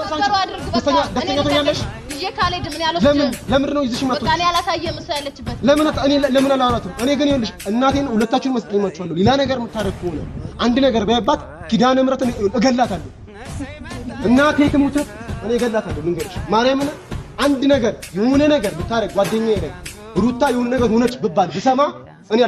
መከሩ አድርግ በቃ ደስተኛ ትሆኛለሽ ብዬሽ ካልሄድም እኔ አልወስድም። ለምንድን ነው ይዘሽ ለምን አላወራትም? እኔ ግን ይኸውልሽ እናቴን ሁለታችሁን መስጠማችኋለሁ። ሌላ ነገር የምታደርግ ከሆነ አንድ ነገር ባይባት ኪዳነ ምሕረት እገላታለሁ። እናቴ ትሙት እኔ እገላታለሁ። ልንገርሽ ማርያምን አንድ ነገር የሆነ ነገር ብታደርግ ጓደኛዬ ላይ ሩታ የሆነ ነገር ሆነች ብባል ብሰማ እኔ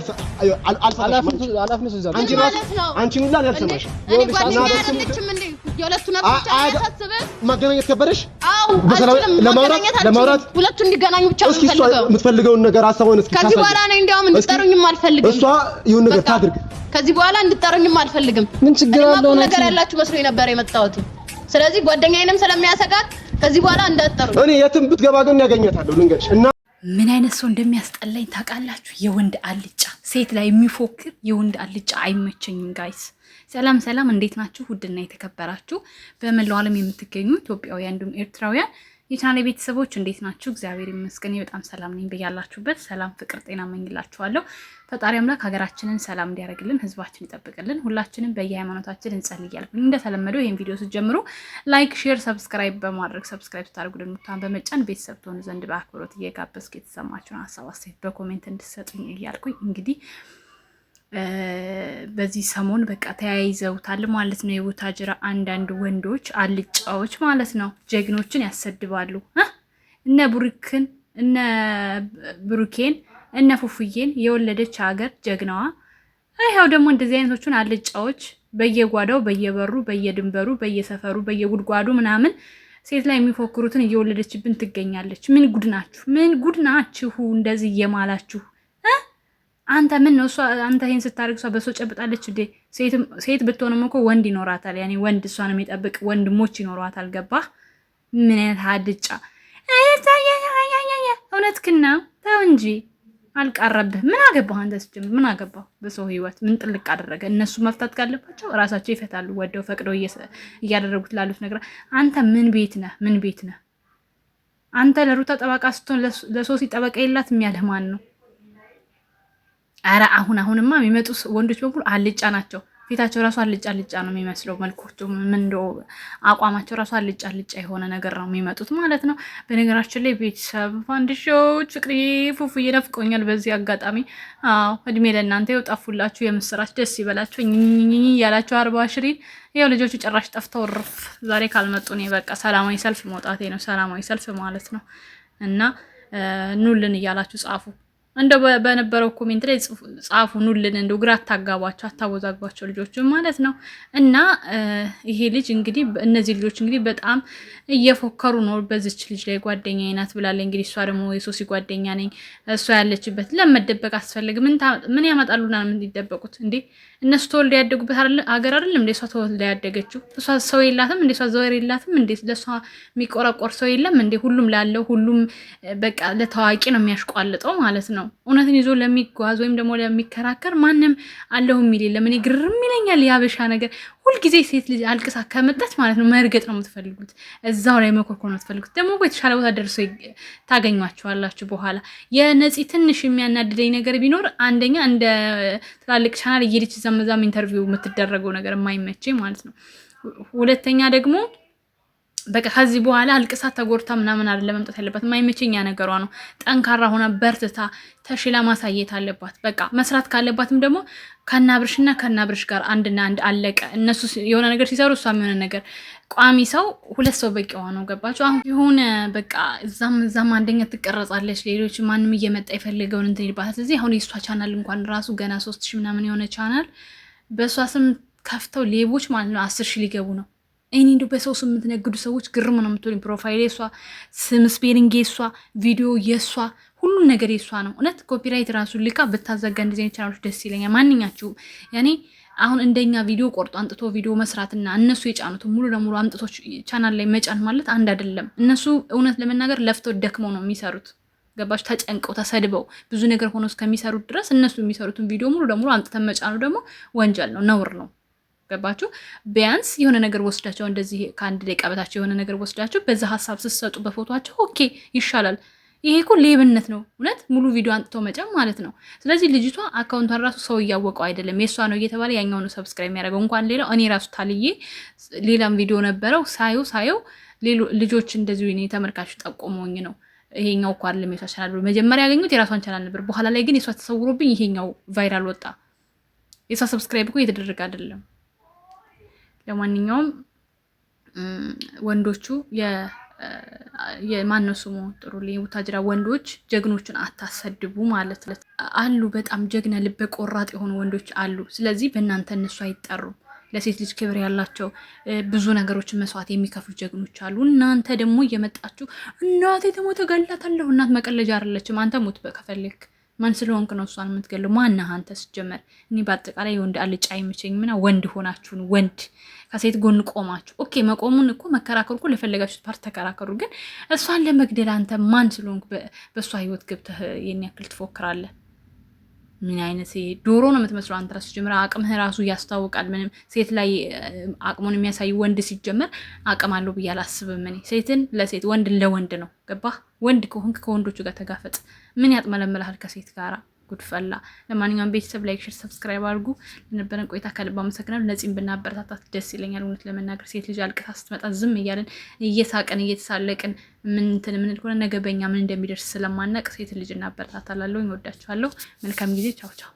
ማገናኘት ከበደሽ ለማውራት ሁለቱ እንዲገናኙ ብቻ የምትፈልገውን ነገር አሳቧን እስኪ ከዚህ በኋላ እኔ እንዲያውም እንድጠሩኝም አልፈልግም። እሷ ይሁን ነገር ታድርግ። ከዚህ በኋላ እንድጠሩኝም አልፈልግም። ምን ችግር አለው? ነገር ያላችሁ መስሎኝ ነበር የመጣሁት። ስለዚህ ጓደኛዬንም ስለሚያሰጋት ከዚህ በኋላ እንዳትጠሩኝ። እኔ የትም ብትገባ ግን ያገኛታለሁ ልንገርሽ እና ምን አይነት ሰው እንደሚያስጠላኝ ታውቃላችሁ? የወንድ አልጫ፣ ሴት ላይ የሚፎክር የወንድ አልጫ አይመቸኝም። ጋይስ ሰላም ሰላም፣ እንዴት ናችሁ? ውድና የተከበራችሁ በመላው ዓለም የምትገኙ ኢትዮጵያውያን እንዲሁም ኤርትራውያን የቻናሌ ቤተሰቦች እንዴት ናችሁ? እግዚአብሔር ይመስገን በጣም ሰላም ነኝ። በያላችሁበት ሰላም፣ ፍቅር፣ ጤና መኝላችኋለሁ። ፈጣሪ አምላክ ሀገራችንን ሰላም እንዲያደርግልን፣ ህዝባችን ይጠብቅልን፣ ሁላችንም በየሃይማኖታችን እንጸልይ እንደተለመደው ይህን ቪዲዮ ስትጀምሩ ላይክ፣ ሼር፣ ሰብስክራይብ በማድረግ ሰብስክራይብ ስታደርጉ ድምታን በመጫን ቤተሰብ ትሆኑ ዘንድ በአክብሮት እየጋበዝኩ የተሰማችሁን ሀሳብ አስተያየት በኮሜንት እንድሰጡኝ እያልኩኝ እንግዲህ በዚህ ሰሞን በቃ ተያይዘውታል ማለት ነው። የቡታጅራ አንዳንድ ወንዶች አልጫዎች ማለት ነው ጀግኖችን ያሰድባሉ። እነ ብሩክን እነ ብሩኬን እነ ፉፉዬን የወለደች ሀገር ጀግናዋ። ይኸው ደግሞ እንደዚህ አይነቶቹን አልጫዎች በየጓዳው በየበሩ በየድንበሩ በየሰፈሩ በየጉድጓዱ ምናምን ሴት ላይ የሚፎክሩትን እየወለደችብን ትገኛለች። ምን ጉድ ናችሁ? ምን ጉድ ናችሁ? እንደዚህ እየማላችሁ አንተ ምን ነው እሷ አንተ ይሄን ስታደርግ እሷ በሰው ጨብጣለች እንዴ? ሴት ብትሆንም እኮ ወንድ ይኖራታል። ያኔ ወንድ እሷን የሚጠብቅ ወንድሞች ይኖሯታል። ገባ? ምን አይነት አድጫ እውነትህን ነው። ተው እንጂ አልቃረብህ። ምን አገባህ አንተ ስትጀምር ምን አገባህ? በሰው ህይወት ምን ጥልቅ አደረገ? እነሱ መፍታት ካለባቸው ራሳቸው ይፈታሉ። ወደው ፈቅደው እያደረጉት ላሉት ነገር አንተ ምን ቤት ነህ? ምን ቤት ነህ አንተ? ለሩታ ጠበቃ ስትሆን ለሶሲ ጠበቃ የላት የሚያልህ ማን ነው? አረ አሁን አሁንማ የሚመጡ ወንዶች በሙሉ አልጫ ናቸው። ፊታቸው ራሱ አልጫ አልጫ ነው የሚመስለው። መልኮቹ ምን አቋማቸው ራሱ አልጫ አልጫ የሆነ ነገር ነው የሚመጡት ማለት ነው። በነገራችን ላይ ቤተሰብ ፋንዲሾች፣ ፍቅሪ ፉፉ እየነፍቆኛል። በዚህ አጋጣሚ እድሜ ለእናንተ ይኸው ጠፉላችሁ። የምስራች ደስ ይበላችሁ እያላችሁ አርባ ሽሪ ያው ልጆቹ ጭራሽ ጠፍተው ርፍ ዛሬ ካልመጡ እኔ በቃ ሰላማዊ ሰልፍ መውጣቴ ነው። ሰላማዊ ሰልፍ ማለት ነው እና ኑልን እያላችሁ ጻፉ። እንደው በነበረው ኮሜንት ላይ ጻፉ ኑልን። እንደው ግራ አታጋቧቸው፣ አታወዛግቧቸው ልጆቹን ማለት ነው። እና ይሄ ልጅ እንግዲህ እነዚህ ልጆች እንግዲህ በጣም እየፎከሩ ነው በዚች ልጅ ላይ። ጓደኛ ናት ብላለች እንግዲህ እሷ ደግሞ የሶሲ ጓደኛ ነኝ እሷ ያለችበት ለመደበቅ አስፈልግ ምን ያመጣሉና ምን ይደበቁት እንዴ? እነሱ ተወልደ ያደጉበት ሀገር አይደለም እንደ እሷ ተወልደ ያደገችው። እሷ ሰው የላትም እንደ እሷ ዘወር የላትም እንደ ለእሷ የሚቆረቆር ሰው የለም እንደ ሁሉም ላለው ሁሉም በቃ ለታዋቂ ነው የሚያሽቋልጠው ማለት ነው። እውነትን ይዞ ለሚጓዝ ወይም ደግሞ ለሚከራከር ማንም አለሁ የሚል የለም። እኔ ግርም ይለኛል የአበሻ ነገር ሁልጊዜ ሴት ልጅ አልቅሳ ከመጣች ማለት ነው መርገጥ ነው የምትፈልጉት፣ እዛው ላይ መኮርኮር ነው የምትፈልጉት። ደግሞ እኮ የተሻለ ቦታ ደርሶ ታገኟቸዋላችሁ በኋላ። የነፂ ትንሽ የሚያናድደኝ ነገር ቢኖር አንደኛ እንደ ትላልቅ ቻናል እየሄደች እዛም እዛም ኢንተርቪው የምትደረገው ነገር የማይመቼ ማለት ነው። ሁለተኛ ደግሞ በቃ ከዚህ በኋላ አልቅሳት ተጎድታ ምናምን አይደለም መምጣት ያለባት። ማይመቸኛ ነገሯ ነው። ጠንካራ ሆና በርትታ ተሽላ ማሳየት አለባት። በቃ መስራት ካለባትም ደግሞ ከናብርሽና ከናብርሽ ጋር አንድና አንድ አለቀ። እነሱ የሆነ ነገር ሲሰሩ እሷም የሆነ ነገር ቋሚ ሰው ሁለት ሰው በቂዋ ሆነው ገባችሁ? አሁን የሆነ በቃ እዛም እዛም አንደኛ ትቀረጻለች፣ ሌሎች ማንም እየመጣ የፈለገውን እንትን ይልባታል። እዚህ አሁን የእሷ ቻናል እንኳን ራሱ ገና ሶስት ሺ ምናምን የሆነ ቻናል በእሷ ስም ከፍተው ሌቦች ማለት ነው አስር ሺ ሊገቡ ነው እኔ እንዲ በሰው ስም የምትነግዱ ሰዎች ግርም ነው የምትሆኝ። ፕሮፋይል የሷ ስም፣ ስፔሊንግ የሷ፣ ቪዲዮ የሷ፣ ሁሉም ነገር የሷ ነው። እውነት ኮፒራይት ራሱ ልካ ብታዘጋ እንደዚህ አይነት ቻናሎች ደስ ይለኛል። ማንኛችሁም ያኔ አሁን እንደኛ ቪዲዮ ቆርጦ አንጥቶ ቪዲዮ መስራትና እነሱ የጫኑትን ሙሉ ለሙሉ አምጥቶ ቻናል ላይ መጫን ማለት አንድ አይደለም። እነሱ እውነት ለመናገር ለፍተው ደክመው ነው የሚሰሩት። ገባች ተጨንቀው ተሰድበው ብዙ ነገር ሆኖ እስከሚሰሩት ድረስ እነሱ የሚሰሩትን ቪዲዮ ሙሉ ለሙሉ አምጥተን መጫኑ ደግሞ ወንጀል ነው፣ ነውር ነው። ገባችሁ? ቢያንስ የሆነ ነገር ወስዳቸው እንደዚህ ከአንድ ደቂቃ በታቸው የሆነ ነገር ወስዳቸው በዛ ሀሳብ ስትሰጡ በፎቶቸው ኦኬ ይሻላል። ይሄ እኮ ሌብነት ነው። እውነት ሙሉ ቪዲዮ አንጥቶ መጫም ማለት ነው። ስለዚህ ልጅቷ አካውንቷን ራሱ ሰው እያወቀው አይደለም፣ የእሷ ነው እየተባለ ያኛው ነው ሰብስክራይብ የሚያደርገው። እንኳን ሌላው እኔ ራሱ ታልዬ ሌላም ቪዲዮ ነበረው ሳየው ሳየው ልጆች እንደዚሁ እኔ ተመልካቹ ጠቆመኝ ነው ይሄኛው እኮ አይደለም የሷ ቻናል ብሎ መጀመሪያ ያገኙት የራሷን ቻናል ነበር። በኋላ ላይ ግን የሷ ተሰውሮብኝ ይሄኛው ቫይራል ወጣ። የሷ ሰብስክራይብ እኮ እየተደረገ አይደለም። ለማንኛውም ወንዶቹ የማነው ስሙ ጥሩ የቡታጅራ ወንዶች ጀግኖቹን አታሰድቡ ማለት አሉ። በጣም ጀግና ልበ ቆራጥ የሆኑ ወንዶች አሉ። ስለዚህ በእናንተ እነሱ አይጠሩም። ለሴት ልጅ ክብር ያላቸው ብዙ ነገሮችን መስዋዕት የሚከፍሉ ጀግኖች አሉ። እናንተ ደግሞ እየመጣችሁ እናቴ ተሞተ ገላታለሁ። እናት መቀለጃ አይደለችም። አንተ ሞት በከፈልክ ማን ስለሆንክ ነው እሷን የምትገለው? ማነህ አንተ? ስጀመር እኔ በአጠቃላይ የወንድ አልጫ አይመቸኝ ምና ወንድ ሆናችሁን ወንድ ከሴት ጎን ቆማችሁ ኦኬ፣ መቆሙን እኮ መከራከሩ እኮ ለፈለጋችሁት ፓርት ተከራከሩ። ግን እሷን ለመግደል አንተ ማን ስለሆንክ በእሷ ህይወት ገብተህ የኔ ያክል ትፎክራለህ? ምን አይነት ዶሮ ነው የምትመስለው አንተ? ራሱ ሲጀምር አቅምህ ራሱ ያስታውቃል። ምንም ሴት ላይ አቅሙን የሚያሳይ ወንድ ሲጀመር አቅም አለው ብዬ አላስብም እኔ። ሴትን ለሴት ወንድ ለወንድ ነው ገባህ? ወንድ ከሆንክ ከወንዶቹ ጋር ተጋፈጥ። ምን ያጥመለምልሃል ከሴት ጋራ? ጉድፈላ። ለማንኛውም ቤተሰብ ላይክ፣ ሼር፣ ሰብስክራይብ አድርጉ። ለነበረን ቆይታ ከልብ አመሰግናለሁ። ነፂን ብናበረታታት ደስ ይለኛል። እውነት ለመናገር ሴት ልጅ አልቅሳ ስትመጣ ዝም እያለን እየሳቅን እየተሳለቅን ምንትን ምንል ምን ከሆነ ነገ በኛ ምን እንደሚደርስ ስለማናቅ ሴት ልጅ እናበረታታላለሁ። ይወዳችኋለሁ። መልካም ጊዜ። ቻው ቻው